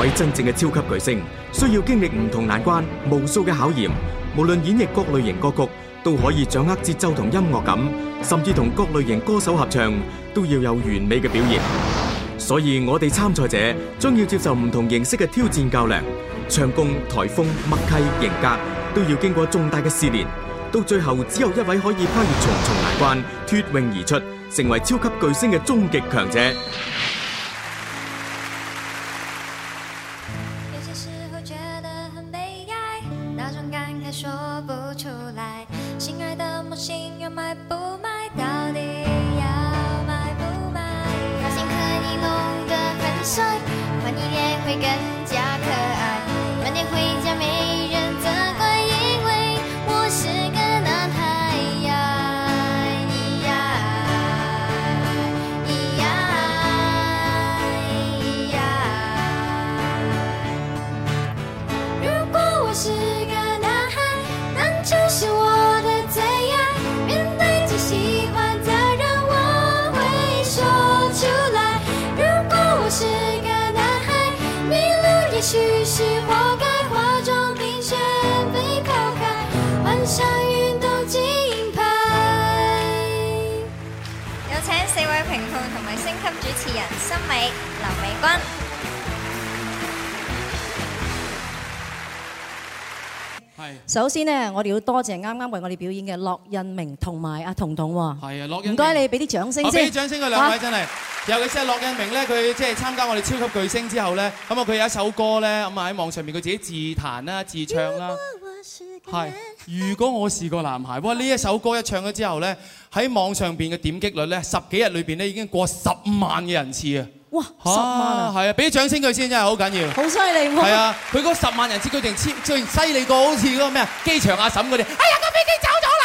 位真正嘅超級巨星，需要經歷唔同難關、無數嘅考驗。無論演繹各類型歌曲，都可以掌握節奏同音樂感，甚至同各類型歌手合唱，都要有完美嘅表現。所以我哋參賽者將要接受唔同形式嘅挑戰較量，唱功、台風、默契、型格，都要經過重大嘅試煉。到最後，只有一位可以跨越重重難關，脫穎而出，成為超級巨星嘅終極強者。首先呢，我哋要多謝啱啱為我哋表演嘅洛印明同埋阿彤彤喎。啊，洛印明，唔該你俾啲掌聲先。我俾啲掌聲佢兩位真係，尤其是洛印明咧，佢即係參加我哋超級巨星之後咧，咁啊佢有一首歌咧，咁啊喺網上面佢自己自彈啦、自唱啦。Yeah. 係，如果我是個男孩，哇！呢一首歌一唱咗之後咧，喺網上邊嘅點擊率咧，十幾日裏邊咧已經過十萬嘅人次啊！哇，十萬啊！係啊，俾啲掌聲佢先，真係好緊要。好犀利！係啊，佢嗰十萬人次，佢仲犀利過好似嗰個咩機場阿嬸嗰啲。哎呀，個飛機走咗。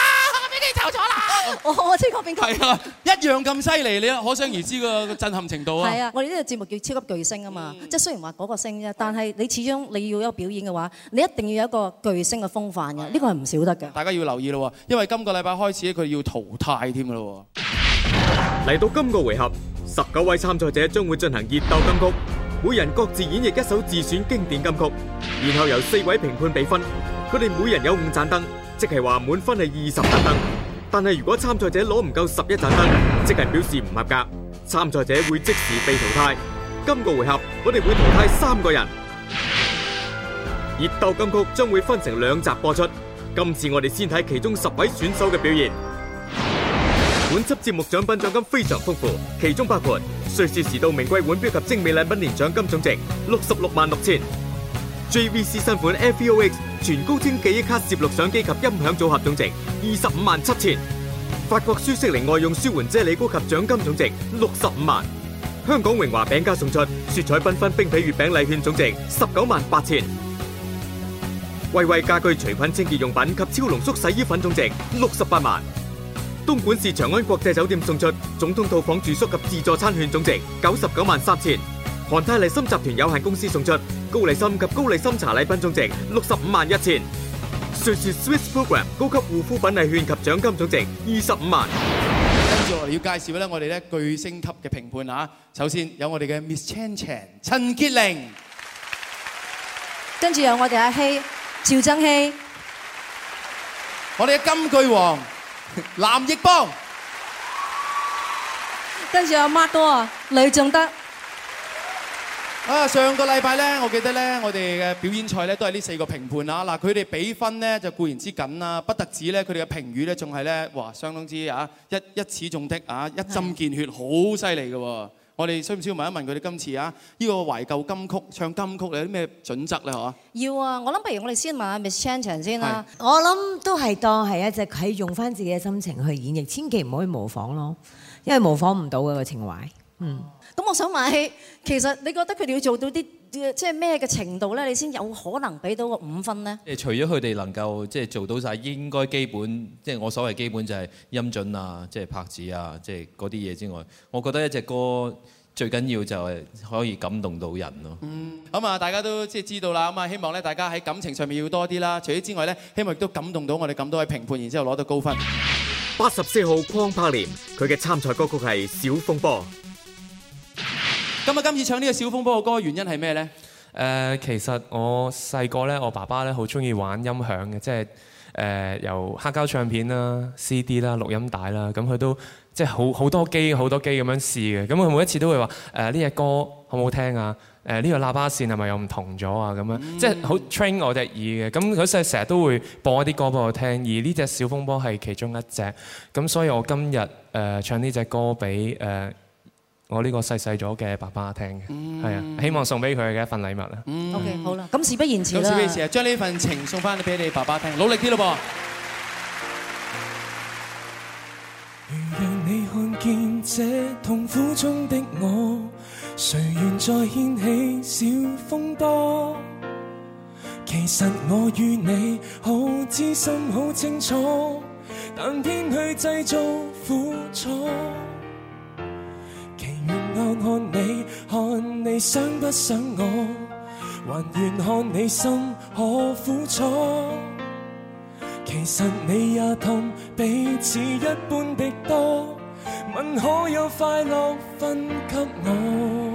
走咗啦！我我知講邊題啊，一樣咁犀利，你可想而知個震撼程度啊。係啊，我哋呢個節目叫超級巨星啊嘛，即係雖然話嗰個星啫，但係你始終你要一個表演嘅話，你一定要有一個巨星嘅風範嘅，呢個係唔少得嘅。大家要留意咯，因為今個禮拜開始佢要淘汰添噶咯。嚟到今個回合，十九位參賽者將會進行熱鬥金曲，每人各自演繹一首自選經典金曲，然後由四位評判比分，佢哋每人有五盞燈，即係話滿分係二十盞燈。但係如果參賽者攞唔夠十一盞燈，即係表示唔合格，參賽者會即時被淘汰。今個回合我哋會淘汰三個人。熱鬥金曲將會分成兩集播出，今次我哋先睇其中十位選手嘅表現。本輯節目獎品獎金非常豐富，其中包括瑞士時度名貴腕表及精美禮品，年獎金總值六十六萬六千。JVC 新款 FVOX 全高清記憶卡攝錄相機及音響組合總值二十五萬七千。法國舒適靈外用舒緩啫喱膏及獎金總值六十五萬。香港榮華餅家送出雪彩繽紛,紛冰皮月餅禮券總值十九萬八千。惠惠家居除菌清潔用品及超濃縮洗衣粉總值六十八萬。東莞市長安國際酒店送出總統套房住宿及自助餐券總值九十九萬三千。韓泰利森集團有限公司送出高麗參及高麗參茶禮品總值六十五萬一千，瑞士 SwissProgram 高級護膚品禮券及獎金總值二十五萬。跟住我哋要介紹咧，我哋咧巨星級嘅評判啊！首先有我哋嘅 Miss Chan Chan 陳潔靈，跟住有我哋阿希趙增熹，我哋嘅金句王藍奕邦，跟住有 Mark 哥呂仲德。啊！上個禮拜咧，我記得咧，我哋嘅表演賽咧都係呢四個評判啊！嗱，佢哋比分咧就固然之緊啦，不得止咧，佢哋嘅評語咧仲係咧，哇，相當之啊，一一矢中的啊，一針見血，好犀利嘅喎！我哋需唔需要問一問佢哋今次啊？呢個懷舊金曲唱金曲有啲咩準則咧？嗬？要啊！我諗不如我哋先問，問下 Miss Chan Chan 先啦。我諗都係當係一隻佢用翻自己嘅心情去演繹，千祈唔好去模仿咯，因為模仿唔到嘅個情懷無法無法。嗯。咁我想問下，其實你覺得佢哋要做到啲即係咩嘅程度咧，你先有可能俾到個五分咧？誒，除咗佢哋能夠即係做到曬應該基本，即係我所謂基本就係音準啊，即係拍子啊，即係嗰啲嘢之外，我覺得一隻歌最緊要就係可以感動到人咯。嗯，咁啊，大家都即係知道啦，咁啊，希望咧大家喺感情上面要多啲啦。除咗之外咧，希望亦都感動到我哋咁多位評判，然之後攞到高分。八十四號匡柏廉，佢嘅參賽歌曲係《小風波》。今日今次唱呢個小風波嘅歌，原因係咩呢？誒，其實我細個呢，我爸爸呢好中意玩音響嘅，即係誒由黑膠唱片啦、CD 啦、錄音帶啦，咁佢都即係好好多機好多機咁樣試嘅。咁佢每一次都會話誒呢隻歌好唔好聽啊？誒呢個喇叭線係咪又唔同咗啊？咁樣即係好 train 我隻耳嘅。咁佢成日都會播一啲歌俾我聽，而呢隻小風波係其中一隻。咁所以我今日誒唱呢隻歌俾誒。呃我呢個細細咗嘅爸爸聽嘅，啊、嗯，希望送俾佢嘅一份禮物啦。嗯、OK 好啦，咁事不宜遲啦。事不宜遲，不遲將呢份情送翻俾你爸爸聽，努力啲咯噃。看你，看你想不想我？還願看你心何苦楚？其實你也同彼此一般的多。問可有快樂分給我？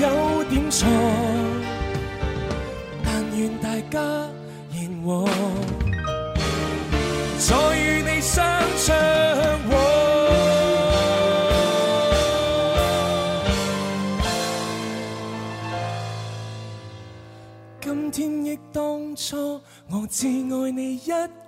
有點錯，但願大家言和，再與你相唱和。今天亦當初，我只愛你一。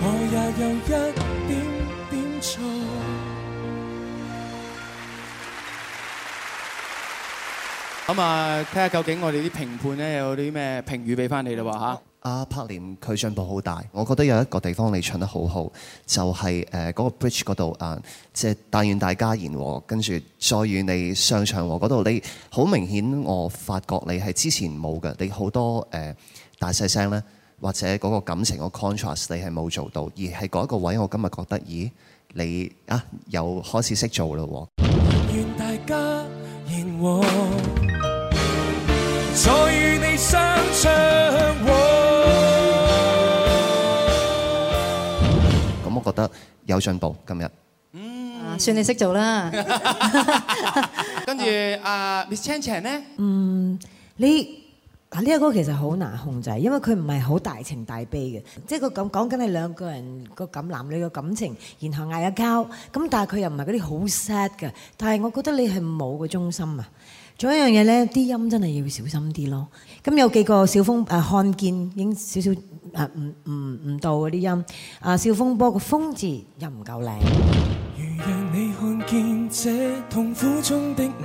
我也有一點點錯。咁啊，睇下究竟我哋啲評判咧有啲咩評語俾翻你咯。嚇，阿柏廉佢進步好大，我覺得有一個地方你唱得好好，就係誒嗰個 bridge 嗰度啊，即係但願大家言和，跟住再與你唱和嗰度，你好明顯我發覺你係之前冇嘅，你好多誒大細聲咧。或者嗰個感情個 contrast 你係冇做到，而係嗰一個位我今日覺得，咦，你啊又開始識做嘞喎！咁我覺得有進步今日。嗯、啊，算你識做啦。 跟住啊、呃、Miss Chan Chan 呢，嗯，你。嗱，呢一個其實好難控制，因為佢唔係好大情大悲嘅，即係佢講講緊係兩個人個感男女嘅感情，然後嗌一交，咁但係佢又唔係嗰啲好 sad 嘅，但係我覺得你係冇個中心啊！仲有一樣嘢咧，啲音真係要小心啲咯。咁有幾個小風誒，看見已經少少誒，唔唔唔到嗰啲音。阿、啊、小風波個風字又唔夠靚。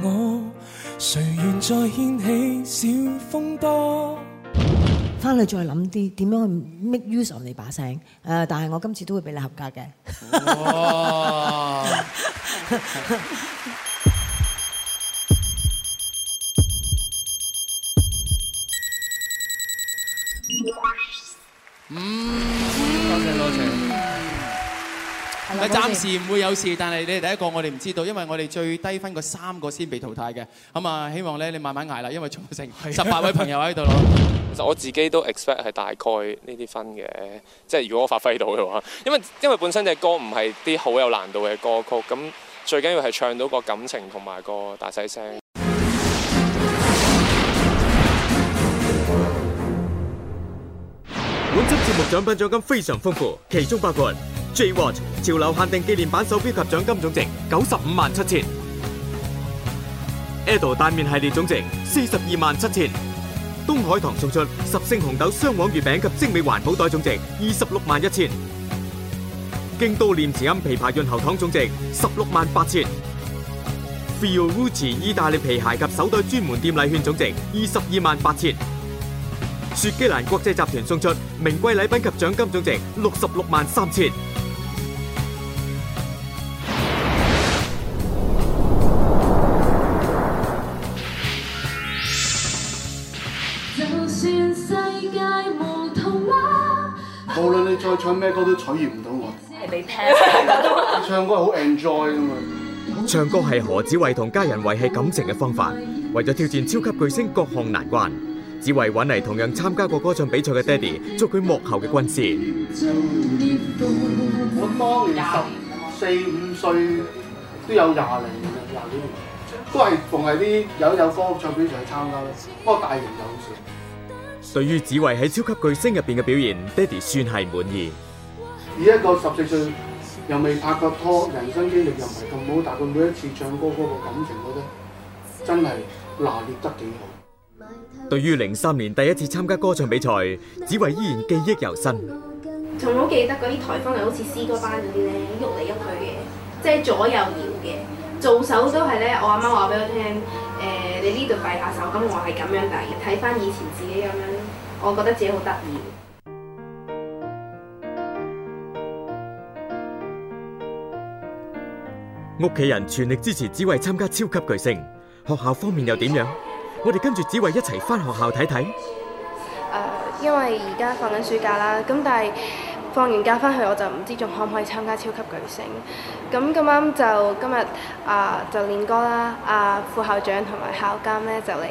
如誰願再掀起小風波？翻去再諗啲，點樣去 make use of 你把聲？誒，但係我今次都會俾你合格嘅。多謝多謝。暫時唔會有事，但係你哋第一個，我哋唔知道，因為我哋最低分個三個先被淘汰嘅。咁啊，希望咧你慢慢捱啦，因為仲成十八位朋友喺度囉。 其實我自己都 expect 係大概呢啲分嘅，即係如果我發揮到嘅話，因為因為本身隻歌唔係啲好有難度嘅歌曲，咁最緊要係唱到個感情同埋個大細聲。本集節目獎品獎金非常豐富，其中包括 J Watch 潮流限定紀念版手表及獎金總值九十五萬七千；Ado 大麵系列總值四十二萬七千；東海堂送出十星紅豆雙黃月餅及精美環保袋總值二十六萬一千；京都念慈庵枇杷潤喉糖總值十六萬八千；Fiorucci 意大利皮鞋及手袋專門店禮券總值二十二萬八千。雪肌蘭國際集團送出名貴禮品及獎金總值六十六萬三千。就算世界無痛啊！無論你再唱咩歌都取悦唔到我。係你聽。唱歌係好 enjoy 㗎嘛？唱歌係何子慧同家人維繫感情嘅方法，為咗挑戰超級巨星各項難關。子慧揾嚟同樣參加過歌唱比賽嘅爹哋，祝佢幕後嘅軍師。我當年十四五歲都有廿零廿幾年，都係逢係啲有一首歌唱片參，唱比賽去參加咯。不過大型就好少。對於子慧喺超級巨星入邊嘅表現，爹哋算係滿意。而一個十四歲又未拍過拖，人生經歷又唔係咁好，但係佢每一次唱歌嗰個感情，我覺得真係拿捏得幾好。對於零三年第一次參加歌唱比賽，紫慧依然記憶猶新。仲好記得嗰啲台風係，好似詩歌班嗰啲咧，喐嚟喐去嘅，即係左右搖嘅，做手都係咧。我阿媽話俾我聽，誒、呃，你呢度擺下手，咁、嗯、我係咁樣擺。睇翻以前自己咁樣，我覺得自己好得意。屋企人全力支持紫慧參加超級巨星，學校方面又點樣？我哋跟住只慧一齊翻學校睇睇、呃。因為而家放緊暑假啦，咁但係放完假翻去我就唔知仲可唔可以參加超級巨星。咁咁啱就今日啊、呃，就練歌啦。啊、呃，副校長同埋校監呢就嚟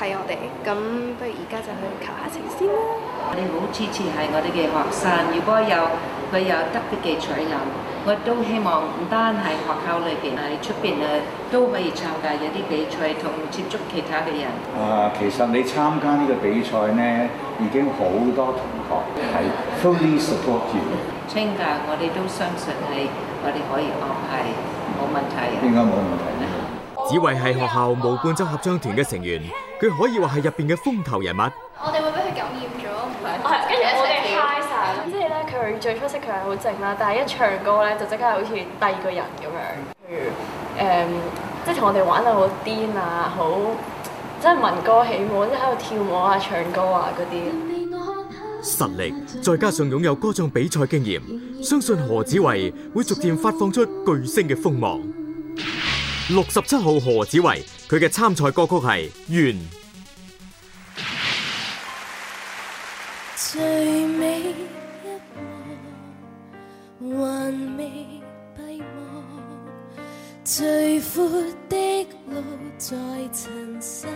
睇我哋，咁不如而家就去求下情先啦。我哋好支持係我哋嘅學生，如果有佢有特別嘅才能。我都希望唔單係學校裏邊，喺出邊啊都可以參加有啲比賽，同接觸其他嘅人。啊，其實你參加呢個比賽咧，已經好多同學係 fully support you。參加我哋都相信係我哋可以係冇問題。應該冇問題咧？子維係學校無伴奏合唱團嘅成員，佢可以話係入邊嘅風頭人物。我哋會俾佢感染咗，唔係。我係跟住我哋。佢最初識佢係好靜啦，但係一唱歌咧就即刻好似第二個人咁樣。譬如誒，即係同我哋玩到好癲啊，好即係聞歌起舞，即係喺度跳舞啊、唱歌啊嗰啲。實力再加上擁有歌唱比賽經驗，相信何子維會逐漸發放出巨星嘅鋒芒。六十七號何子維，佢嘅參賽歌曲係《願》。還未閉幕，最闊的路在塵世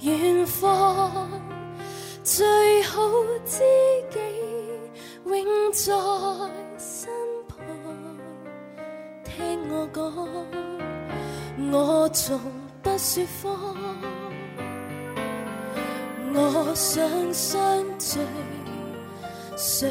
遠方，最好知己永在身旁。聽我講，我從不說謊，我想相聚，誰？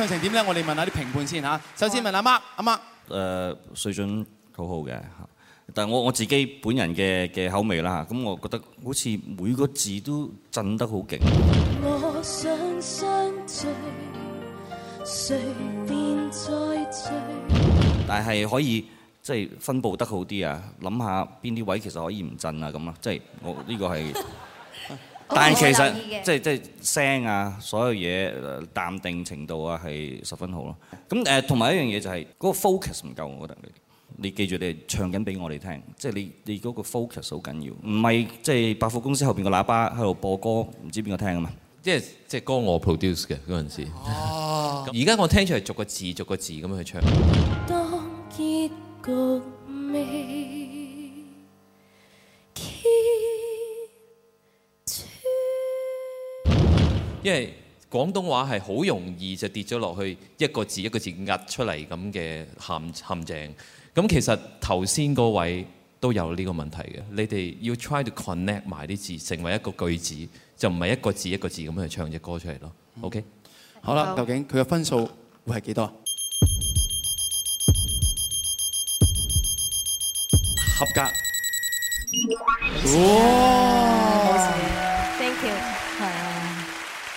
唱成點咧？我哋問下啲評判先嚇。首先問阿媽，媽，阿媽，誒、呃、水準好好嘅嚇。但係我我自己本人嘅嘅口味啦嚇。咁我覺得好似每個字都震得好勁。我想相聚，隨便再醉。但係可以即係、就是、分佈得好啲啊！諗下邊啲位其實可以唔震啊咁啊！即係我呢個係。 但係其實即係即係聲啊，所有嘢淡定程度啊，係十分好咯。咁誒，同埋一樣嘢就係嗰個 focus 唔夠，我覺得你。你記住你係唱緊俾我哋聽，即係你你嗰個 focus 好緊要，唔係即係百貨公司後邊個喇叭喺度播歌，唔知邊個聽啊嘛。即係即係歌係我 produce 嘅嗰陣時。哦、啊。而 家我聽出嚟逐個字逐個字咁去唱。 因為廣東話係好容易就跌咗落去一個字一個字壓出嚟咁嘅陷陷阱。咁其實頭先嗰位都有呢個問題嘅，你哋要 try to connect 埋啲字，成為一個句子，就唔係一個字一個字咁樣去唱隻歌出嚟咯、嗯。OK 好。好啦，究竟佢嘅分數會係幾多？合格。哇！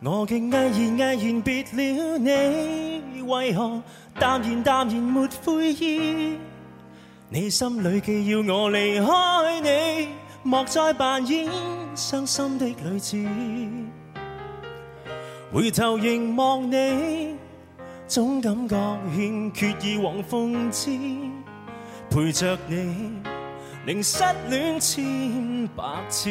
我竟毅然毅然別了你，為何淡然淡然沒悔意？你心裏既要我離開你，莫再扮演傷心的女子。回頭凝望你，總感覺欠缺以往風姿。陪着你，令失戀千百次。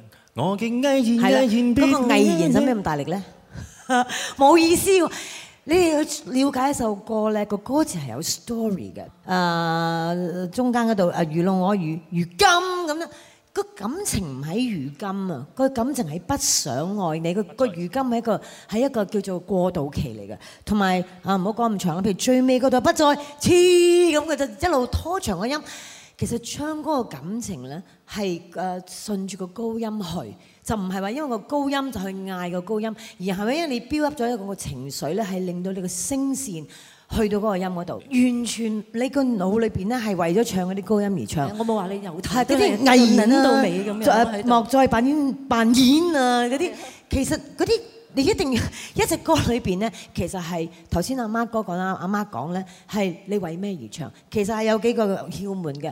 我嘅毅然嘅怨別離。係啦，嗰個哀怨使咩咁大力咧？冇 意思喎！你哋去了解一首歌咧，個歌詞係有 story 嘅。誒、呃，中間嗰度誒愚弄我如如今咁樣，感魚嗰個感情唔喺如今啊，個感情係不想愛你。個個如今係一個係一個叫做過渡期嚟嘅。同埋啊，唔好講咁長啊，譬如最尾嗰度不再痴咁，佢就一路拖長個音。其實唱歌嘅感情咧，係誒順住個高音去，就唔係話因為個高音就去嗌個高音，而係咪因為你 build up 咗一個個情緒咧，係令到你個聲線去到嗰個音嗰度。完全你個腦裏邊咧係為咗唱嗰啲高音而唱。我冇話你有，係嗰啲藝人啦、啊，誒、啊、莫再扮演扮演啊嗰啲。其實嗰啲你一定要一隻歌裏邊咧，其實係頭先阿媽哥講啦，阿媽講咧係你為咩而唱。其實係有幾個竅門嘅。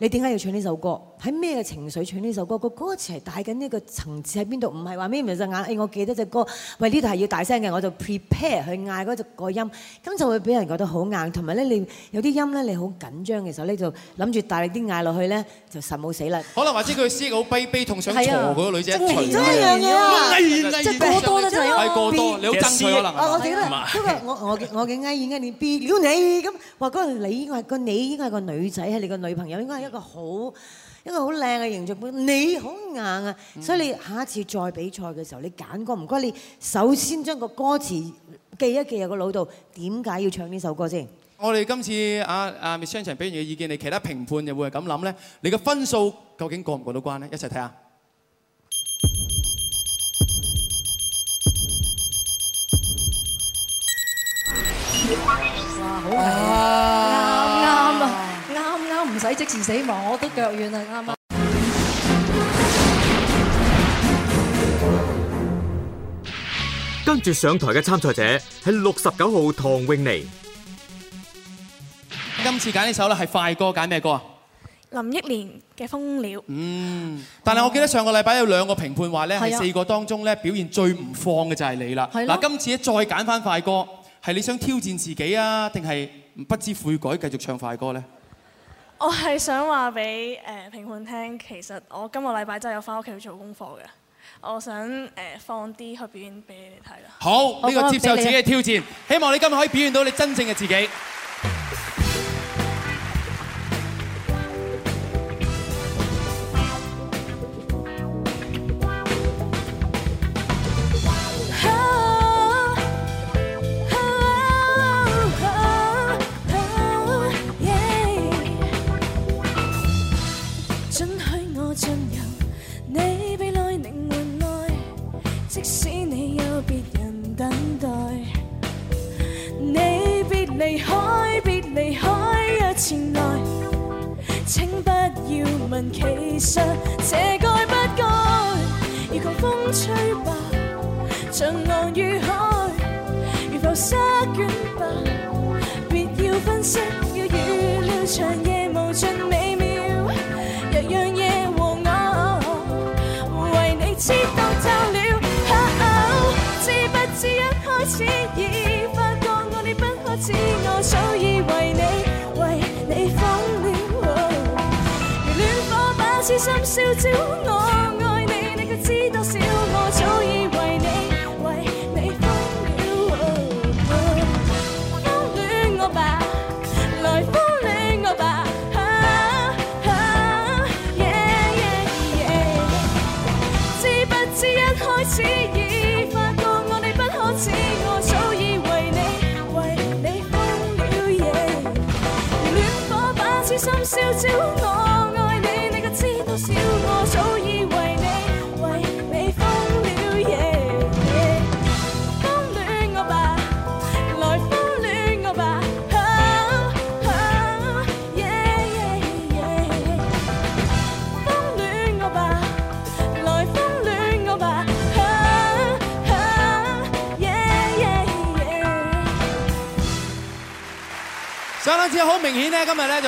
你點解要唱呢首歌？喺咩嘅情緒唱呢首歌？個歌詞係帶緊呢個層次喺邊度？唔係話咩？咪埋隻眼，我記得隻歌。喂，呢度係要大聲嘅，我就 prepare 去嗌嗰隻個音，咁就會俾人覺得好硬。同埋咧，你有啲音咧，你好緊張嘅時候咧，就諗住大力啲嗌落去咧，就實冇死啦。可能或者佢師好卑鄙痛想嘈嗰個女仔，除咗一樣嘢啊，藝藝嘅，即係過多咗就變嘅事。我我我我嘅藝演藝，你別了你咁話嗰個你應該係個你應該係個女仔係你個女朋友應該係。一個好一個好靚嘅形象，你好硬啊！所以你下一次再比賽嘅時候，你揀歌唔該，你首先將個歌詞記一記入個腦度，點解要唱呢首歌先？我哋今次啊阿 Miss 俾完嘅意見，你其他評判又會係咁諗咧？你嘅分數究竟過唔過到關咧？一齊睇下。唔使即時死亡，我都腳軟啦，啱啱？跟住上台嘅參賽者係六十九號唐詠妮。今次揀呢首咧係快歌，揀咩歌啊？林憶蓮嘅《小風波》。嗯，但係我記得上個禮拜有兩個評判話咧、嗯，係四個當中咧表現最唔放嘅就係你啦。嗱，今次再揀翻快歌，係你想挑戰自己啊，定係不知悔改繼續唱快歌咧？我係想話俾誒評判聽，其實我今個禮拜真係有翻屋企去做功課嘅。我想誒放啲去表演俾你哋睇啦。好，呢個接受自己嘅挑戰，希望你今日可以表現到你真正嘅自己。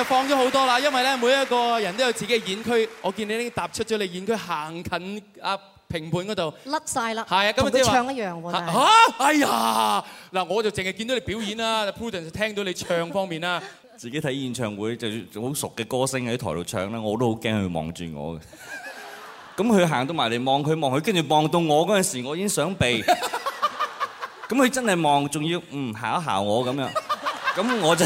放咗好多啦，因為咧每一個人都有自己嘅演區，我見你已經踏出咗你演區，行近啊評判嗰度，甩曬啦，係啊，咁啊，即係唱一樣喎。嚇！哎呀，嗱，我就淨係見到你表演啦，Prudence 聽到你唱方面啦，自己睇演唱會就仲好熟嘅歌星喺台度唱啦，我都好驚佢望住我嘅，咁佢行到埋嚟望佢望佢，跟住望到我嗰陣時，我已經想避，咁佢真係望仲要嗯嚇一嚇我咁樣，咁我就。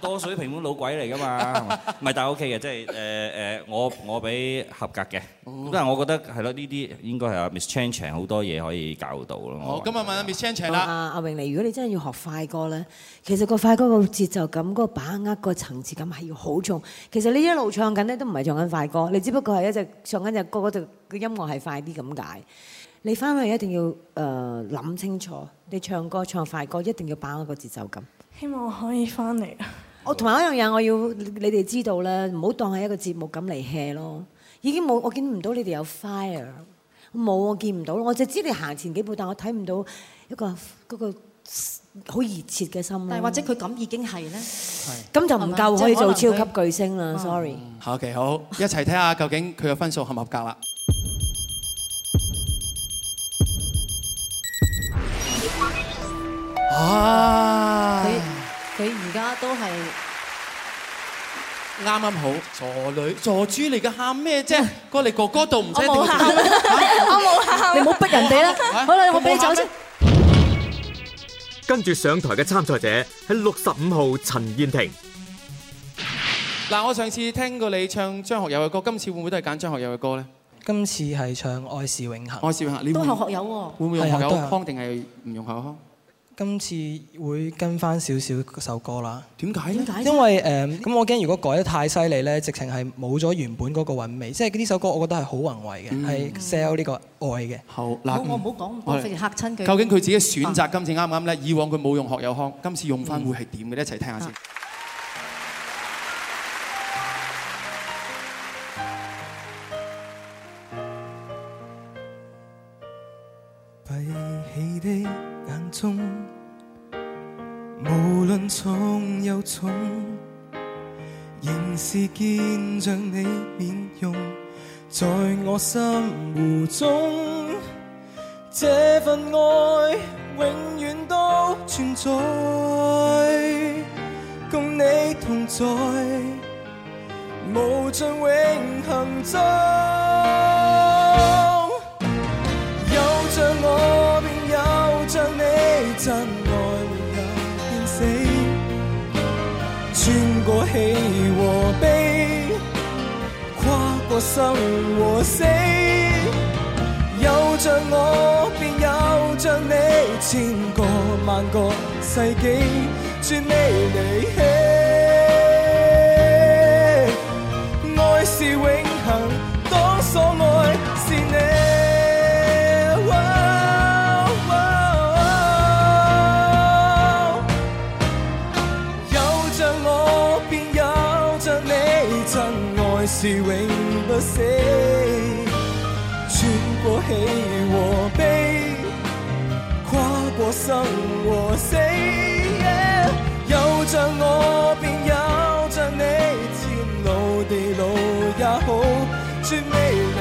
多水平滿老鬼嚟噶嘛？唔係， 但 OK 嘅，即係誒誒，我我俾合格嘅。咁、嗯、但係我覺得係咯，呢啲應該係阿 Miss Chan Chang 好多嘢可以教到咯。好、嗯，咁、嗯嗯嗯呃呃呃呃、啊問阿 Miss Chan Chang 啦。阿榮呢，如果你真係要學快歌咧，其實個快歌個節奏感、個把握個層次感係要好重。其實你一路唱緊咧都唔係唱緊快歌，你只不過係一隻唱緊隻歌度，個音樂係快啲咁解。你翻去一定要誒諗、呃、清楚，你唱歌唱快歌一定要把握個節奏感。希望可以翻嚟。我同埋一樣嘢，我要你哋知道啦，唔好當係一個節目咁嚟 hea 咯。已經冇，我見唔到你哋有 fire，冇，我見唔到。我就知你行前幾步，但我睇唔到一個嗰個好熱切嘅心。但係或者佢咁已經係咧，咁就唔夠可以做超級巨星啦。Sorry。好嘅，好，一齊睇下究竟佢嘅分數合唔合格啦。啊！佢而家都係啱啱好，傻女傻豬嚟嘅，喊咩啫？過 嚟哥哥度唔使。冇喊，我冇喊、 啊，你冇逼人哋啦。好啦，我俾你走先。跟住上台嘅參賽者喺六十五號陳燕婷。嗱，我上次聽過你唱張學友嘅歌，今次會唔會都係揀張學友嘅歌咧？今次係唱《愛是永恆》，愛是永恆，你都係學,學友喎、啊，會唔會用學,腔用學友腔定係唔用學友腔今次會跟翻少少首歌啦。點解？點解？因為咁、嗯、我驚如果改得太犀利咧，直情係冇咗原本嗰個韻味。嗯、即係呢首歌，我覺得係好宏偉嘅，係 sell 呢個愛嘅。好，嗱，我唔好講，我費事嚇親。究竟佢自己選擇今次啱唔啱咧？啊、以往佢冇用學友康，今次用翻會係點嘅？一齊聽下先。嗯、閉起的眼中。無論重又重，仍是見着你面容，在我心湖中，這份愛永遠都存在，共你同在，無盡永恆中。和生和死，有着我便有着你，千個萬個世紀，絕未離棄。愛是永恒，當所愛是你。喜和悲，跨過生和死，yeah. 有着我便有着你，天老地老也好，絕未。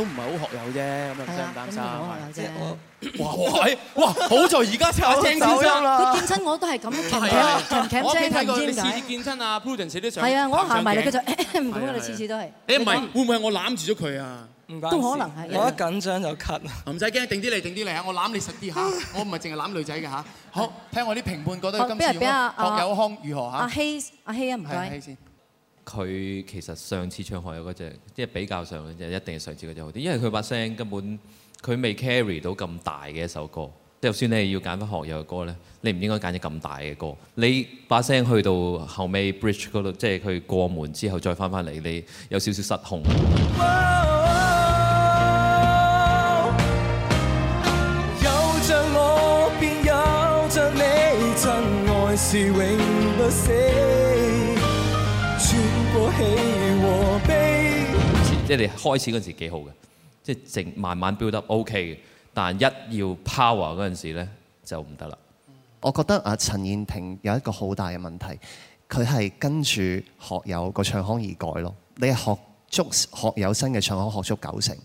都唔係好學友啫，咁樣張丹山。哇喂，哇好在而家聽聲啦。佢健身我都係咁勤力，我睇睇過你次次健身啊，Prudence 都想。係啊，我行埋嚟佢就唔同啦，你次次都係。誒唔係，會唔會係我攬住咗佢啊？都可能係，一緊張就咳。唔使驚，定啲嚟，定啲嚟啊！我攬你實啲嚇，我唔係淨係攬女仔嘅嚇。好，聽我啲評判覺得今次學友康如何嚇？阿希阿希啊，唔該。佢其實上次唱學友嗰隻，即係比較上嘅隻，一定係上次嗰隻好啲。因為佢把聲根本，佢未 carry 到咁大嘅一首歌。就算你係要揀翻學友嘅歌咧，你唔應該揀隻咁大嘅歌。你把聲去到後尾 bridge 嗰度，Bridget，即係佢過門之後再翻翻嚟，你有少少失控。Oh, oh, oh. 有着我，便有着你，真愛是永不死。即係你開始嗰時幾好嘅，即係靜慢慢飆得 O K 嘅，但一要 power 嗰陣時咧就唔得啦。我覺得啊，陳燕婷有一個好大嘅問題，佢係跟住學友個唱腔而改咯。你學足學友新嘅唱腔，學足九成。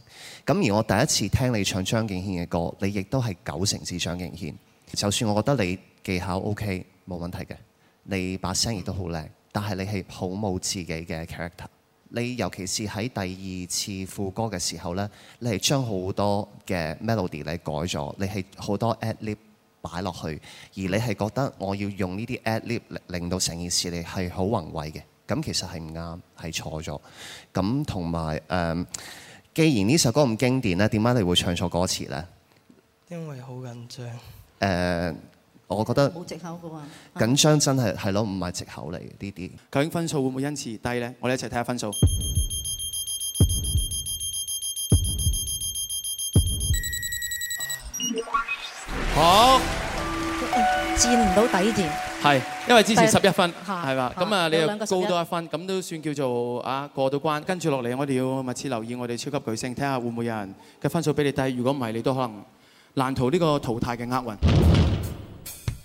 咁而我第一次聽你唱張敬軒嘅歌，你亦都係九成似張敬軒。就算我覺得你技巧 O K，冇問題嘅，你把聲亦都好靚。但係你係好冇自己嘅 character，你尤其是喺第二次副歌嘅時候呢，你係將好多嘅 melody 你改咗，你係好多 ad-lib 擺落去，而你係覺得我要用呢啲 ad-lib 令到成件事你係好宏偉嘅，咁其實係唔啱，係錯咗。咁同埋誒，既然呢首歌咁經典呢，點解你會唱錯歌詞呢？因為好緊張。誒、呃。我覺得冇藉口噶喎，緊張真係係咯，唔係藉口嚟嘅呢啲。究竟分數會唔會因此而低咧？我哋一齊睇下分數。好，佔唔到底段。係，因為之前十一分，係嘛？咁啊，你又高多一分，咁都算叫做啊過到關。跟住落嚟，我哋要密切留意我哋超級巨星，睇下會唔會有人嘅分數比你低。如果唔係，你都可能難逃呢個淘汰嘅厄運。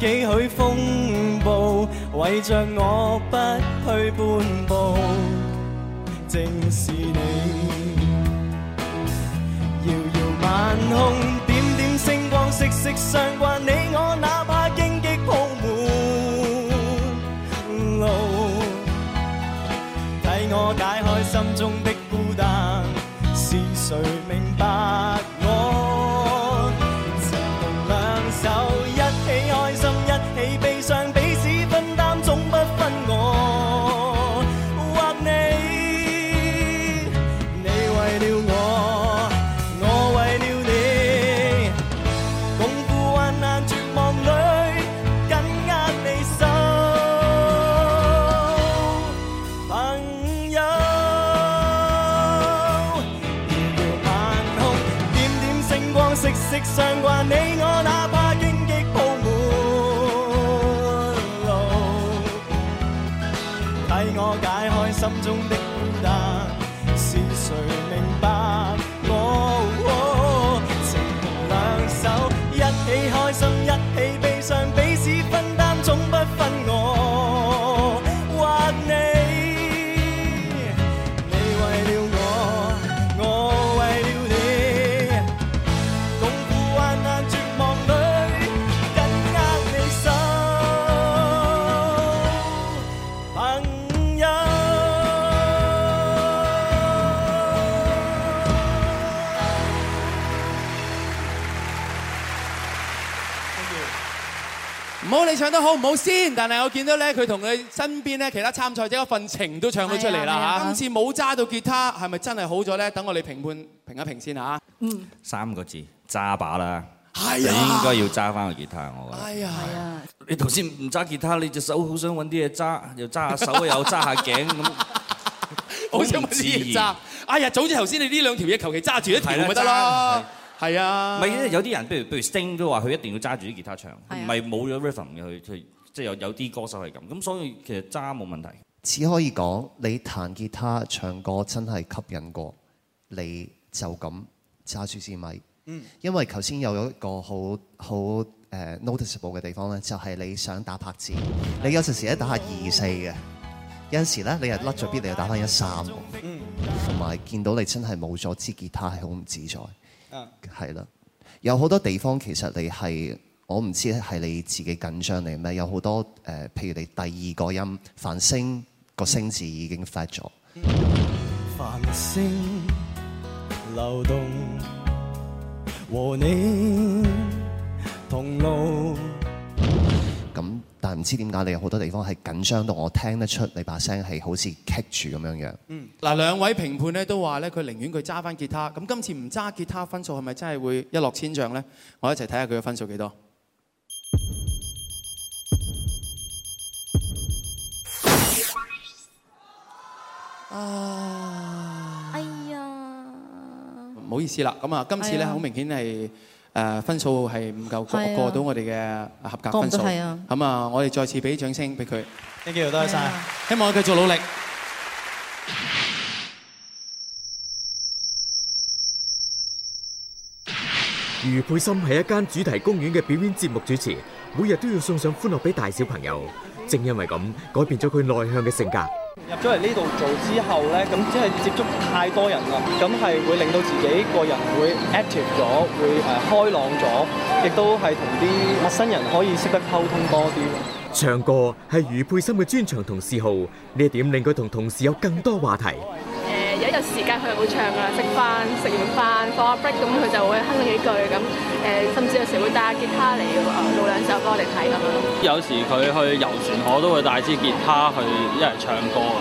幾許風暴，為着我不退半步，正是你。遙遙晚空，點點星光，息息相關。你。唱得好唔好先？但係我見到咧，佢同佢身邊咧其他參賽者嘅份情都唱咗出嚟啦嚇。今次冇揸到吉他，係咪真係好咗咧？等我哋評判評一評先嚇。嗯，三個字揸把啦，啊、你應該要揸翻個吉他我覺得。係啊係啊，你頭先唔揸吉他，你隻手好想揾啲嘢揸，又揸下手又揸下頸咁，好自然揸。然哎呀，早知頭先你呢兩條嘢求其揸住一條咪得咯。係啊，唔係咧，有啲人譬如譬如 Sting 都話佢一定要揸住啲吉他唱，唔係冇咗 rhythm 嘅佢，佢即係、就是、有有啲歌手係咁。咁所以其實揸冇問題，只可以講你彈吉他唱歌真係吸引過，你就咁揸住支咪。嗯、因為頭先有一個好好、呃、noticeable 嘅地方咧，就係、是、你想打拍子，你有陣時咧打下二四嘅，有陣時咧你又甩咗 beat，你又打翻一三。同埋見到你真係冇咗支吉他係好唔自在。係、嗯、啦，有好多地方其實你係，我唔知係你自己緊張嚟咩？有好多誒、呃，譬如你第二個音繁星個聲字已經發咗。嗯、繁星流動和你同路。嗯但唔知點解你有好多地方係緊張到我聽得出你把聲係好似棘住咁樣樣。嗯，嗱兩位評判咧都話咧，佢寧願佢揸翻吉他。咁今次唔揸吉他，分數係咪真係會一落千丈咧？我一齊睇下佢嘅分數幾多。啊，哎呀！唔好意思啦，咁啊今次咧好明顯係。誒、uh, 分數係唔夠過，啊、過，過到我哋嘅合格分數，咁啊，好，我哋再次俾啲掌聲俾佢，thank you 多謝晒、啊，希望我繼續努力。余佩心係一間主題公園嘅表演節目主持，每日都要送上歡樂俾大小朋友，正因為咁改變咗佢內向嘅性格。入咗嚟呢度做之後呢，咁即係接觸太多人啦，咁係會令到自己個人會 active 咗，會誒開朗咗，亦都係同啲陌生人可以識得溝通多啲。唱歌係余佩心嘅專長同嗜好，呢一點令佢同同事有更多話題。有一有時間佢會唱噶，食飯食完飯放下 break 咁佢就會哼幾句咁，誒甚至有時會帶下吉他嚟啊，露兩首俾我哋睇咁。有時佢去遊船，我都會帶支吉他去一齊唱歌。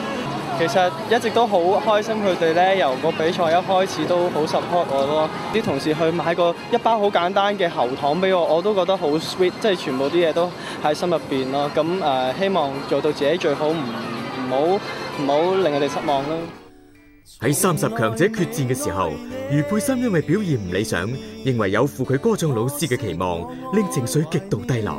其實一直都好開心，佢哋咧由個比賽一開始都好 support 我咯。啲同事去買個一包好簡單嘅喉糖俾我，我都覺得好 sweet，即係全部啲嘢都喺心入邊咯。咁誒、呃、希望做到自己最好，唔唔好唔好令佢哋失望咯。喺三十強者決戰嘅時候，余佩珊因為表現唔理想，認為有負佢歌唱老師嘅期望，令情緒極度低落。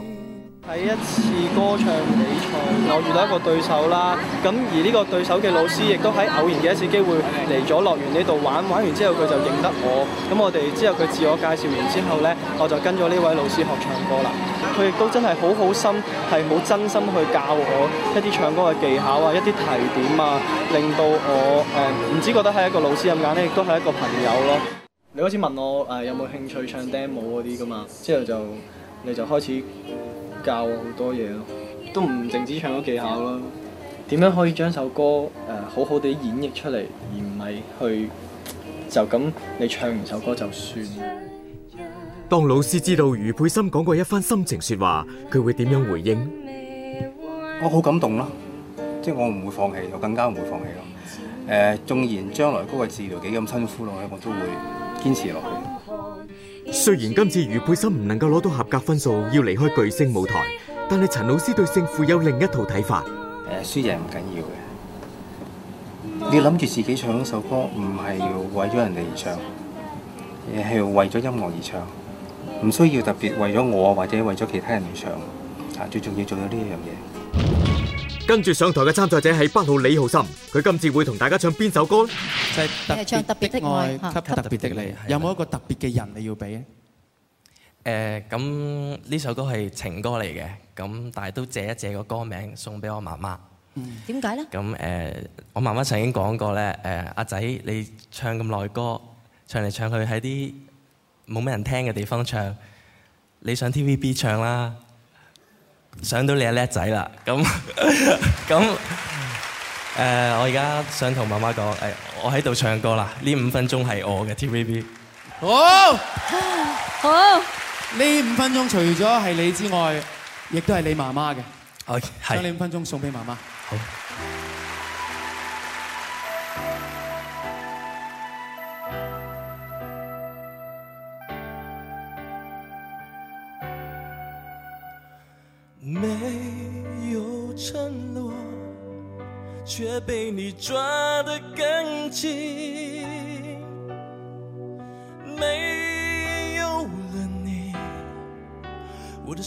第一次歌唱比賽。我遇到一個對手啦，咁而呢個對手嘅老師亦都喺偶然嘅一次機會嚟咗樂園呢度玩，玩完之後佢就認得我，咁我哋之後佢自我介紹完之後呢，我就跟咗呢位老師學唱歌啦。佢亦都真係好好心，係好真心去教我一啲唱歌嘅技巧啊，一啲提點啊，令到我誒唔、嗯、知道覺得係一個老師咁解咧，亦都係一個朋友咯。你開始問我誒、呃、有冇興趣唱 dance 舞嗰啲噶嘛，之後就你就開始教我好多嘢咯。都唔淨止唱咗技巧咯，點樣可以將首歌誒好好地演繹出嚟，而唔係去就咁你唱完首歌就算。當老師知道余佩心講過一番心情説話，佢會點樣回應？我好感動咯，即係我唔會放棄，我更加唔會放棄咯。誒、呃，縱然將來嗰個治療幾咁辛苦咯，我都會堅持落去。雖然今次余佩心唔能夠攞到合格分數，要離開巨星舞台。但係陳老師對勝負有另一套睇法，誒，輸贏唔緊要嘅，你諗住自己唱嗰首歌，唔係要為咗人哋而唱，而係為咗音樂而唱，唔需要特別為咗我或者為咗其他人而唱，啊，最重要做到呢一樣嘢。跟住上台嘅參賽者係八號李浩森，佢今次會同大家唱邊首歌呢？係唱特別的愛給特別的你，有冇一個特別嘅人你要俾？誒咁呢首歌係情歌嚟嘅，咁但係都借一借個歌名送俾我媽媽。點解呢？咁誒、呃，我媽媽曾經講過呢：呃「誒阿仔你唱咁耐歌，唱嚟唱去喺啲冇咩人聽嘅地方唱，你上 TVB 唱啦，上到你係叻仔啦。」咁咁誒，我而家想同媽媽講，誒、哎、我喺度唱歌啦，呢五分鐘係我嘅 TVB。好，好。呢五分鐘除咗係你之外，亦都係你媽媽嘅。將、okay. 呢、okay. 五分鐘送俾媽媽。Okay. 好。沒有承諾，卻被你抓得更緊。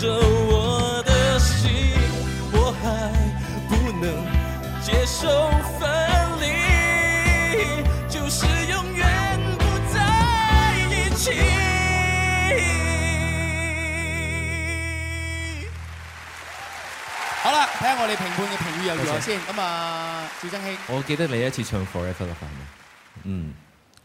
着我的心，我還不能接受分離，就是永遠不在一起好了。好啦，睇下我哋評判嘅評語又如何先。咁啊，趙振希，我記得你一次唱《Forever》唔嗯，誒、嗯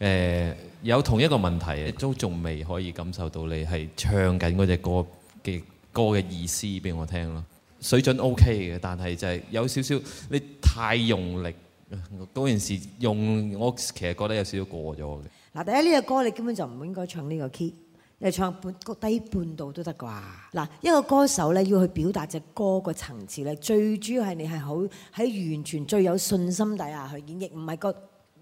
呃，有同一個問題，都仲未可以感受到你係唱緊嗰隻歌嘅，歌嘅意思俾我聽咯，水準 OK 嘅，但係就係有少少你太用力嗰件事，時用我其實覺得有少少過咗嘅。嗱，第一呢隻、這個、歌你根本就唔應該唱呢個 key，你唱半個低半度都得啩。嗱，一個歌手咧要去表達隻歌個層次咧，最主要係你係好喺完全最有信心底下去演繹，唔係、個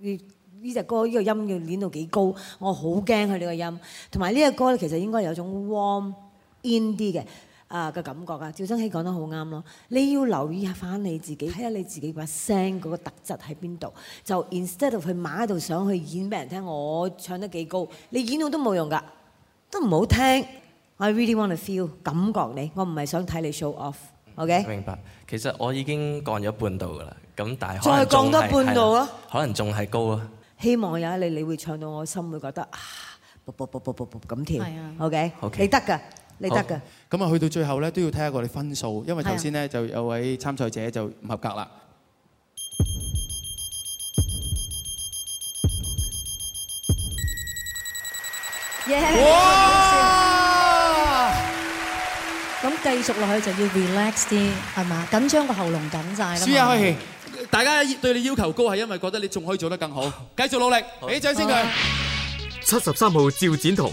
呢隻、這個、歌呢、呢個音要練到幾高，我好驚佢呢個音。同埋呢隻歌咧，其實應該有種 warm。in 啲嘅啊嘅感覺啊，趙增熹講得好啱咯。你要留意下翻你自己，睇下你自己把聲嗰個特質喺邊度。就 instead of 去馬喺度想去演俾人聽，我唱得幾高，你演到都冇用㗎，都唔好聽。I really want to feel 感覺你，我唔係想睇你 show off。OK，明白。其實我已經降咗半度㗎啦，咁但係再降多半度咯，可能仲係高啊。希望有一日你會唱到我心會覺得啊，啵啵啵啵啵啵咁跳。係啊。OK，OK，你得㗎。你得噶，咁啊去到最後咧都要睇下我哋分數，因為頭先咧就有位參賽者就唔合格啦。哇！咁繼續落去就要 relax 啲係嘛？緊張個喉嚨緊曬啦。舒下開氣，大家對你要求高係因為覺得你仲可以做得更好。繼續努力，俾掌聲佢。七十三號趙展圖。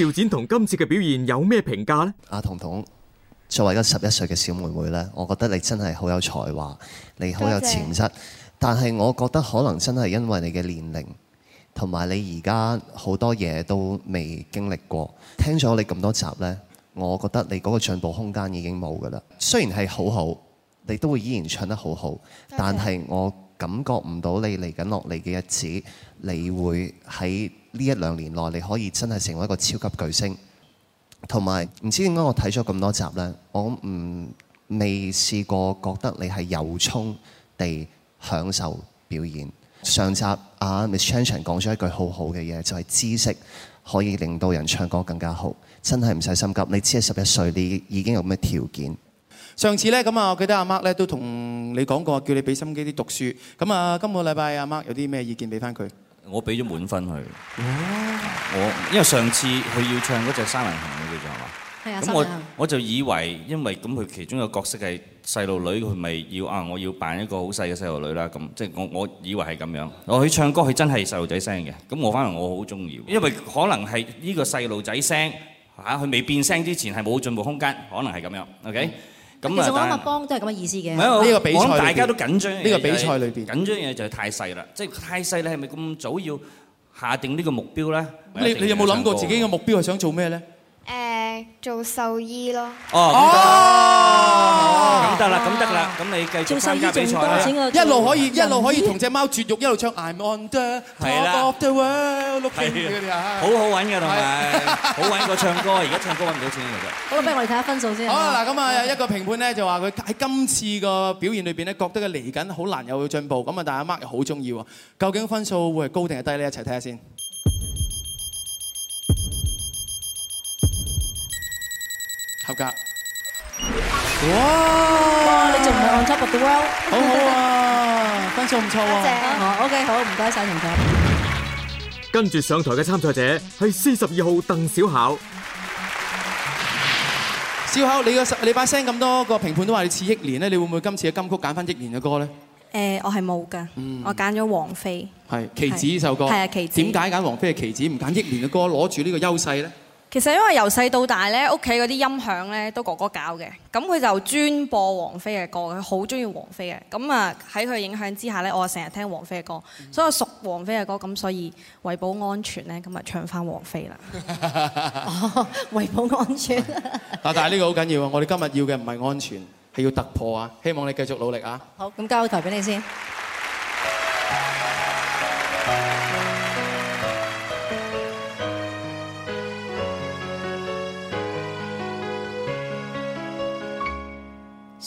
調展同今次嘅表現有咩評價呢？阿彤彤，作為一個十一歲嘅小妹妹呢，我覺得你真係好有才華，你好有潛質。但係我覺得可能真係因為你嘅年齡，同埋你而家好多嘢都未經歷過。聽咗你咁多集呢，我覺得你嗰個進步空間已經冇噶啦。雖然係好好，你都會依然唱得好好，謝謝，但係我感覺唔到你嚟緊落嚟嘅日子，你會喺。呢一兩年內，你可以真係成為一個超級巨星還有，同埋唔知點解我睇咗咁多集呢，我唔未試過覺得你係由衷地享受表演。上集阿、嗯啊、Miss Chan Chan 講咗一句很好好嘅嘢，就係、是、知識，可以令到人唱歌更加好。真係唔使心急，你只係十一歲，你已經有咁嘅條件。上次呢，咁啊，我記得阿媽呢都同你講過，叫你俾心機啲讀書。咁啊，今個禮拜阿媽有啲咩意見俾翻佢？我俾咗滿分佢。哦，我因為上次佢要唱嗰隻三人行嘅叫做係嘛。係啊。咁我我就以為，因為咁佢其中個角色係細路女，佢咪要啊？我要扮一個好細嘅細路女啦。咁即係我我以為係咁樣。哦，佢唱歌佢真係細路仔聲嘅。咁我反而我好中意，因為可能係呢個細路仔聲吓，佢未變聲之前係冇進步空間，可能係咁樣。OK。其實我諗阿邦都係咁嘅意思嘅，呢個比賽大家都緊張，呢個比賽裏邊緊張嘢就係太細啦，即係太細咧，係咪咁早要下定呢個目標咧？你你有冇諗過自己嘅目標係想做咩咧？誒、嗯。做獸醫咯。哦，咁得啦，咁得啦，咁、哦、你繼續參加比賽一路可以遠遠遠遠遠一路可以同隻貓絕育，一路唱 I'm on the top of the world 好好揾嘅，同埋，好揾過唱歌，而 家唱歌揾唔到錢嘅啫、啊。好啦，不如我哋睇下分數先。好啦，嗱咁啊有一個評判咧就話佢喺今次個表現裏邊咧，覺得佢嚟緊好難有進步。咁啊，但阿 Mark 又好中意喎。究竟分數會係高定係低呢？一齊睇下先。合格。哇，你仲係《On Top of the World》。好好啊，分數唔錯啊。好，OK，好，唔該曬，同學。跟住上台嘅參賽者係四十二號鄧小巧。小巧，你個你把聲咁多個評判都話你似憶蓮咧，你會唔會今次嘅金曲揀翻憶蓮嘅歌咧？誒，我係冇噶，我揀咗王菲。係《棋子》呢首歌。係啊，《棋子》。點解揀王菲嘅《棋子》唔揀憶蓮嘅歌？攞住呢個優勢咧？其實因為由細到大咧，屋企嗰啲音響咧都哥哥搞嘅，咁佢就專播王菲嘅歌，佢好中意王菲嘅，咁啊喺佢影響之下咧，我成日聽王菲嘅歌，所以我熟王菲嘅歌，咁所以為保安全咧，咁啊唱翻王菲啦。為保安全。啊，但係呢個好緊要啊！我哋今日要嘅唔係安全，係 要，要，要突破啊！希望你繼續努力啊！好，咁交個台俾你先。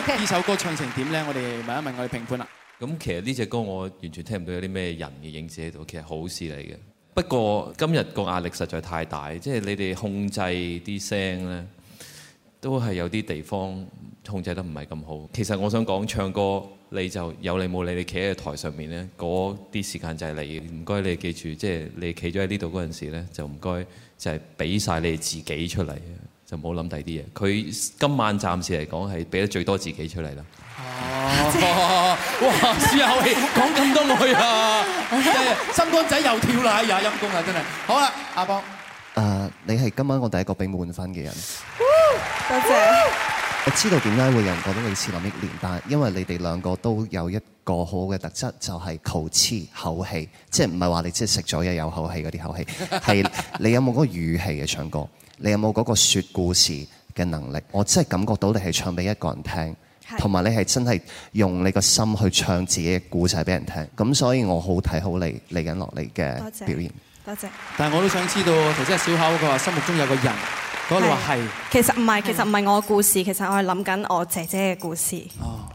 呢首歌唱成點呢？我哋問一問我哋評判啦。咁其實呢隻歌我完全聽唔到有啲咩人嘅影子喺度，其實好事嚟嘅。不過今日個壓力實在太大，即係你哋控制啲聲呢，都係有啲地方控制得唔係咁好。其實我想講唱歌，你就有你冇你，你企喺台上面呢，嗰啲時間就係你。唔該你記住，即係你企咗喺呢度嗰陣時呢，就唔該就係俾晒你哋自己出嚟。就冇諗第啲嘢，佢今晚暫時嚟講係俾得最多自己出嚟啦。哦，哇，試下口氣，講咁多冇用，心肝仔又跳啦，又陰功啦，真係。好啊，阿邦。誒，你係今晚我第一個俾滿分嘅人。多謝。我知道點解會有人覺得你似林憶蓮，但係因為你哋兩個都有一個好嘅特質，就係求黐口氣，即係唔係話你即係食咗嘢有口氣嗰啲口氣，係你有冇嗰個語氣嘅唱歌？你有冇嗰個説故事嘅能力？我真係感覺到你係唱俾一個人聽，同埋你係真係用你個心去唱自己嘅故事俾人聽。咁所以我好睇好你嚟緊落嚟嘅表現。多謝，謝，謝，謝。但係我都想知道，頭先小巧佢話心目中有個人，嗰你話係？其實唔係，其實唔係我嘅故事，其實我係諗緊我姐姐嘅故事。哦，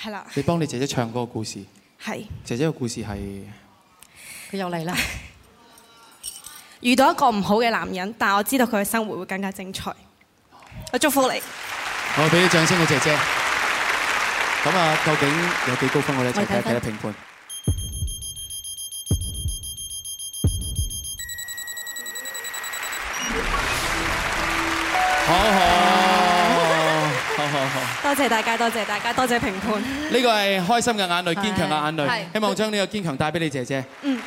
係啦。你幫你姐姐唱嗰個故事。係。姐姐嘅故事係。佢又嚟啦。 遇到一個唔好嘅男人，但我知道佢嘅生活會更加精彩。我祝福你。我俾啲掌聲嘅姐姐。咁啊，究竟有幾高分？我哋一齊睇睇評判。好好好好好好。多謝大家，多謝大家，多謝評判。呢個係開心嘅眼淚，堅強嘅眼淚。希望將呢個堅強帶俾你姐姐。嗯。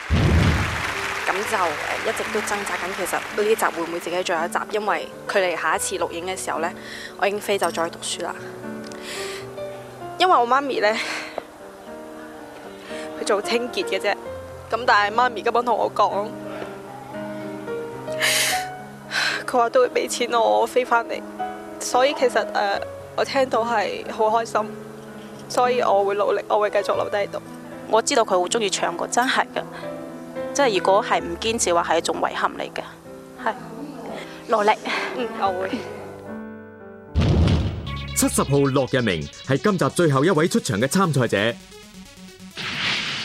就一直都掙扎緊，其實呢集會唔會自己最後一集，因為佢哋下一次錄影嘅時候呢，我已經飛走再去讀書啦。因為我媽咪呢，去做清潔嘅啫，咁但係媽咪今晚同我講，佢話都會俾錢我飛翻嚟，所以其實誒，我聽到係好開心，所以我會努力，我會繼續留低喺度。我知道佢好中意唱歌，真係噶。即係如果係唔堅持，話係一種遺憾嚟嘅。係，努力。嗯，我會。七十號駱日明係今集最後一位出場嘅參賽者。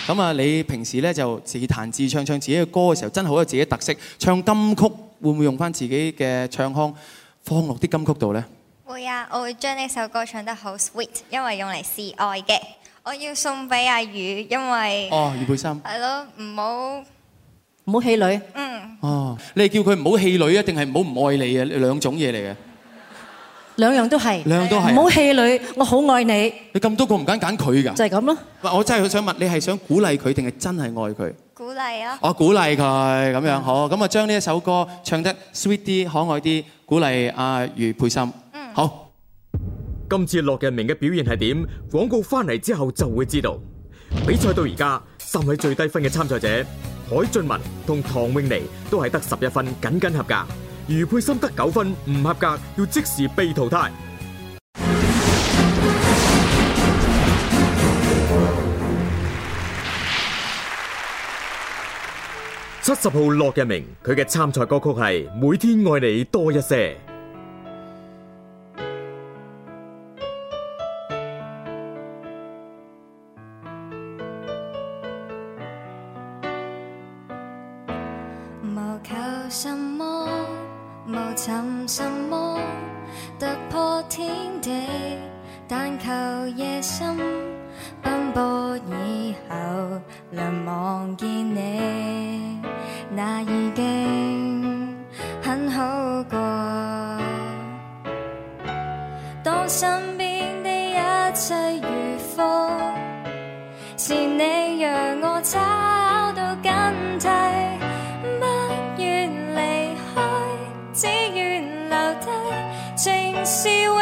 咁啊，你平時咧就自彈自唱唱自己嘅歌嘅時候，真係好有自己特色。唱金曲會唔會用翻自己嘅唱腔放落啲金曲度呢？會啊，我會將呢首歌唱得好 sweet，因為用嚟示愛嘅。我要送俾阿雨，因為哦，雨背心。係、啊、咯，唔好。唔好氣餒。嗯。哦，你係叫佢唔好氣餒啊，定係唔好唔愛你啊？兩種嘢嚟嘅。兩樣都係。兩樣都係。唔好氣餒，我好愛你。你咁多個唔揀揀佢噶？就係咁咯。我真係好想問，你係想鼓勵佢，定係真係愛佢？鼓勵啊！我鼓勵佢咁樣，好咁啊！將呢一首歌唱得 sweet 啲、可愛啲，鼓勵阿余佩心。嗯。好，今次樂日明嘅表現係點？廣告翻嚟之後就會知道。比賽到而家，三位最低分嘅參賽者。海俊文同唐詠妮都係得十一分，僅僅合格。余佩森得九分，唔合格，要即時被淘汰。七十 號落日明，佢嘅參賽歌曲係《每天愛你多一些》。望見你，那已經很好過。當身邊的一切如風，是你讓我找到根蒂，不願離開，只願留低，情是。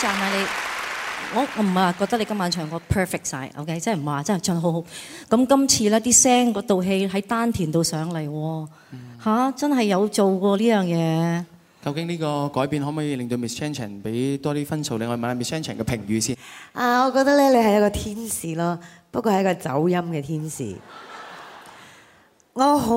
讚啊你！我我唔話覺得你今晚唱歌 perfect 晒 OK 即係唔話，真係唱得好好。咁今次咧啲聲嗰道氣喺丹田度上嚟，嚇、嗯、真係有做過呢樣嘢。究竟呢個改變可唔可以令到 Miss Chan Chan 俾多啲分數咧？另外問下 Miss Chan Chan 嘅評語先。啊，我覺得咧你係一個天使咯，不過係一個走音嘅天使。我好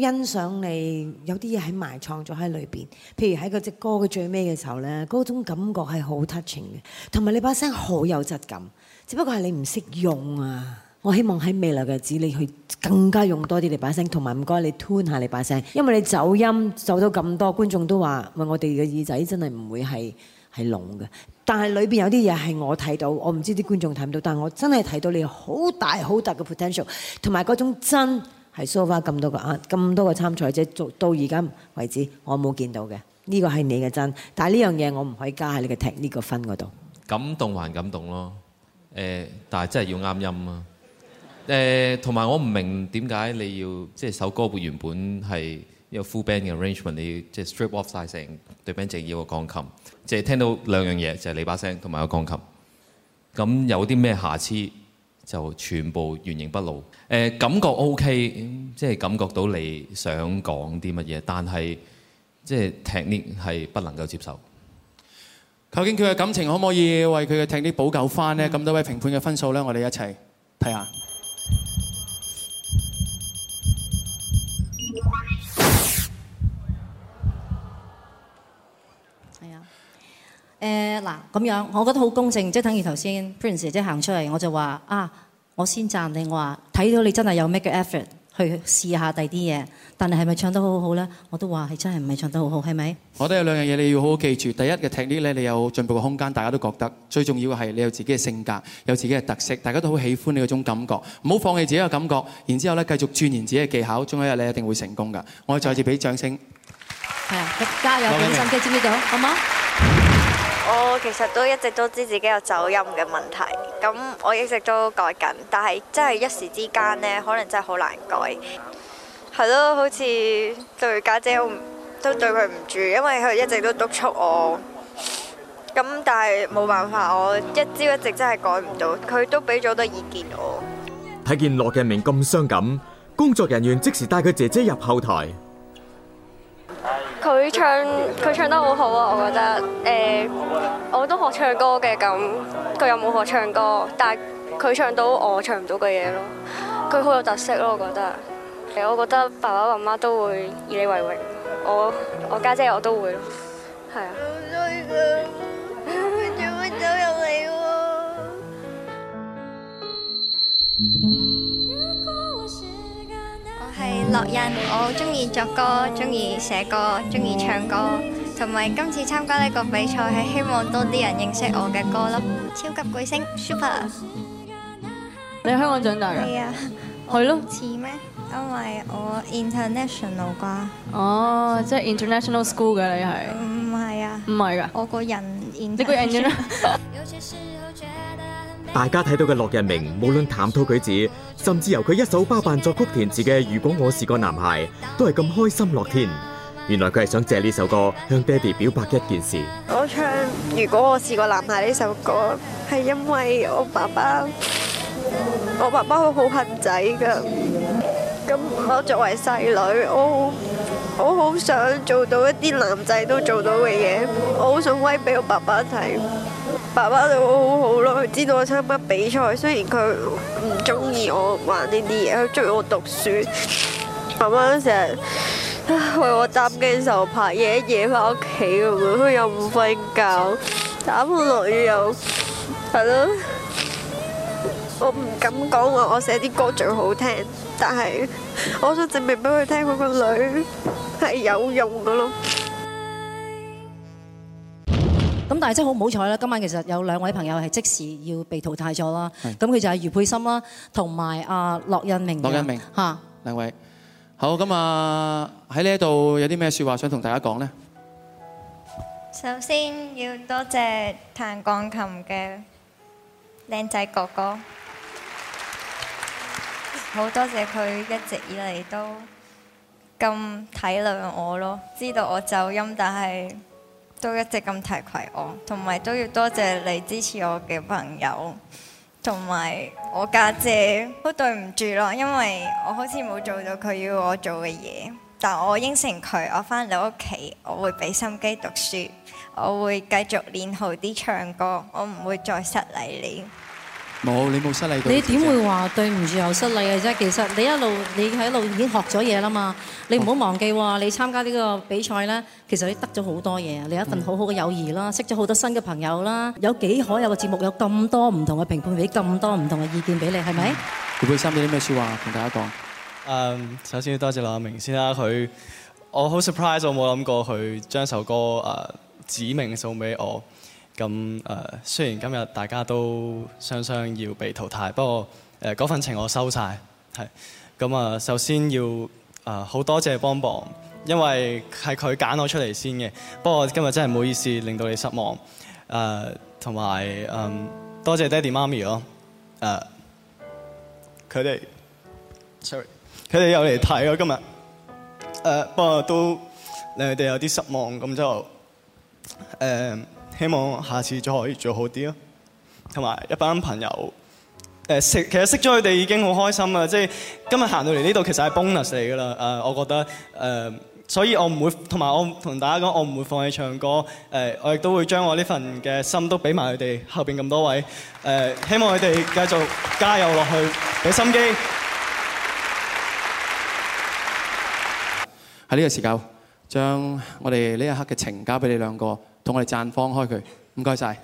欣賞你，有啲嘢喺埋藏咗喺裏邊。譬如喺嗰隻歌嘅最尾嘅時候呢，嗰種感覺係好 touching 嘅。同埋你把聲好有質感，只不過係你唔識用啊！我希望喺未來嘅日子，你去更加用多啲你把聲，同埋唔該你 tune 下你把聲，因為你走音走到咁多，觀眾都話，唔，我哋嘅耳仔真係唔會係係聾嘅。但係裏邊有啲嘢係我睇到，我唔知啲觀眾睇唔到，但我真係睇到你好大好大嘅 potential，同埋嗰種真。係 so far 咁多個啊，咁多個參賽者，到到而家為止，我冇見到嘅。呢個係你嘅真，但係呢樣嘢我唔可以加喺你嘅踢呢個分嗰度。感動還感動咯，誒、uh, really，但係真係要啱音啊。誒，同埋我唔明點解你要即係首歌本原本係一個 full band 嘅 arrangement，你要即係 strip off 曬成對 band 整要個鋼琴，即係聽到兩樣嘢，就係你把聲同埋個鋼琴。咁有啲咩瑕疵？就全部原形畢露，誒、呃、感覺 O、OK, K，即係感覺到你想講啲乜嘢，但係即係踢呢係不能夠接受的。究竟佢嘅感情可唔可以為佢嘅踢呢補救翻呢？咁、嗯、多位評判嘅分數呢？我哋一齊睇下。誒嗱咁樣，我覺得好公正，即係等於頭先 Prince 姐姐行出嚟，我就話啊，我先贊你，我話睇到你真係有 make 嘅 effort 去試下第二啲嘢，但係係咪唱得好好呢？咧？我都話係真係唔係唱得好好，係咪？我覺得有兩樣嘢你要好好記住，第一嘅技巧咧，你有進步嘅空間，大家都覺得最重要嘅係你有自己嘅性格，有自己嘅特色，大家都好喜歡你嗰種感覺，唔好放棄自己嘅感覺，然之後咧繼續鑽研自己嘅技巧，總有一日你一定會成功噶。我再次俾掌聲，係啊，加油，有信心，記唔記得好我其實都一直都知自己有走音嘅問題，咁我一直都改緊，但係真係一時之間呢，可能真係好難改。係咯，好似對家姐，姐都對佢唔住，因為佢一直都督促我。咁但係冇辦法，我一朝一夕真係改唔到，佢都俾咗好多意見我。睇見駱敬明咁傷感，工作人員即時帶佢姐姐入後台。佢唱佢唱得好好啊，我覺得。誒、欸，我都學唱歌嘅咁，佢又冇學唱歌，但係佢唱到我唱唔到嘅嘢咯。佢好有特色咯，我覺得。誒，我覺得爸爸媽媽都會以你為榮。我我家姐我都會，係啊。樂印，我好中意作歌，中意寫歌，中意唱歌，同埋今次參加呢個比賽係希望多啲人認識我嘅歌啦。超級巨星 Super，你喺香港長大噶？係啊，係咯。似咩？因為我 International 啩。哦，即係 International School 嘅，你係？唔係啊。唔係噶。我個人，你個人點咧？大家睇到嘅樂日明，無論談吐舉止，甚至由佢一手包辦作曲填詞嘅《如果我是個男孩》，都係咁開心樂天。原來佢係想借呢首歌向爹哋表白一件事。我唱《如果我是個男孩》呢首歌，係因為我爸爸，我爸爸好恨仔噶。咁我作為細女，我好好想做到一啲男仔都做到嘅嘢，我好想威俾我爸爸睇。爸爸對我好好咯，佢知道我參加比賽，雖然佢唔中意我玩呢啲嘢，佢中意我讀書。媽媽成日為我擔驚受怕，夜一夜翻屋企嘅，佢又唔瞓覺，打風落雨又係咯。我唔敢講話，我寫啲歌最好聽，但係我想證明俾佢聽，我個女係有用嘅咯。咁但係真係好唔好彩啦！今晚其實有兩位朋友係即時要被淘汰咗啦。咁佢就係余佩心啦，同埋阿洛印明。洛印明吓兩位，好咁啊！喺呢度有啲咩説話想同大家講呢？首先要多謝彈鋼琴嘅靚仔哥哥，好多謝佢一直以嚟都咁體諒我咯，知道我走音，但係。都一直咁提攜我，同埋都要多謝你支持我嘅朋友，同埋我家姐、姐，好對唔住咯，因為我好似冇做到佢要我做嘅嘢，但我應承佢，我返到屋企我會俾心機讀書，我會繼續練好啲唱歌，我唔會再失禮你。冇，你冇失禮。你點會話對唔住又失禮嘅啫？其實你一路你喺度已經學咗嘢啦嘛。你唔好忘記喎，你參加呢個比賽咧，其實你得咗好多嘢。你有一份好好嘅友誼啦，識咗好多新嘅朋友啦。有幾可有個節目有咁多唔同嘅評判俾咁多唔同嘅意見俾你，係咪？會唔會收啲咩説話同大家講？誒，首先多謝劉明先啦。佢，我好 surprise，我冇諗過佢將首歌誒指名送俾我。咁誒，雖然今日大家都雙雙要被淘汰，不過誒嗰份情我收晒。係咁啊！首先要誒好多謝幫幫，因為係佢揀我出嚟先嘅。不過今日真係唔好意思，令到你失望誒，同埋嗯多謝爹哋媽咪咯誒，佢哋 sorry，佢哋又嚟睇咯今日誒，不過都令佢哋有啲失望，咁就誒。呃希望下次再可以做好啲咯，同埋一班朋友，誒識其實識咗佢哋已經好開心喇！即係今日行到嚟呢度其實係 bonus 嚟噶啦，誒我覺得誒，所以我唔會同埋我同大家講，我唔會放棄唱歌，誒我亦都會將我呢份嘅心都俾埋佢哋後邊咁多位，誒希望佢哋繼續加油落去，俾心機。喺呢個時間，將我哋呢一刻嘅情交俾你兩個。同我哋綻放開佢，唔該晒。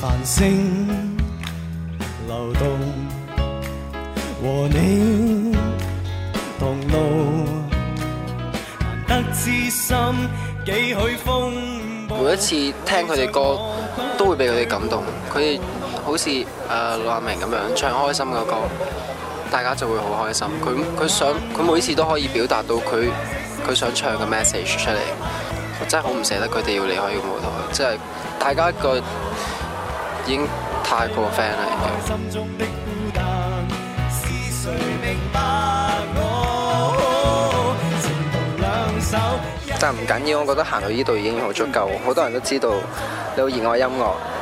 繁星流動，和你同路，難得知心幾許風波。每一次聽佢哋歌，都會俾佢哋感動。佢。好似誒羅明咁樣唱開心嘅歌，大家就會好開心。佢佢想佢每次都可以表達到佢佢想唱嘅 message 出嚟。我真係好唔捨得佢哋要離開個舞台，即係大家一個已經太過 friend 啦。但唔緊要，我覺得行到呢度已經好足夠，好多人都知道你好熱愛音樂。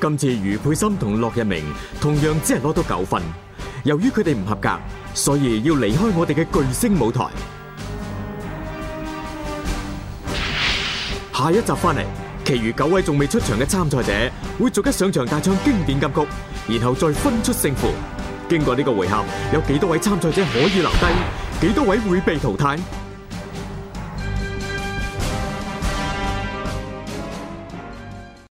今次余佩珊同駱日明同樣只係攞到九分，由於佢哋唔合格，所以要離開我哋嘅巨星舞台。下一集翻嚟，其餘九位仲未出場嘅參賽者會逐一上場大唱經典金曲，然後再分出勝負。經過呢個回合，有幾多位參賽者可以留低，幾多位會被淘汰？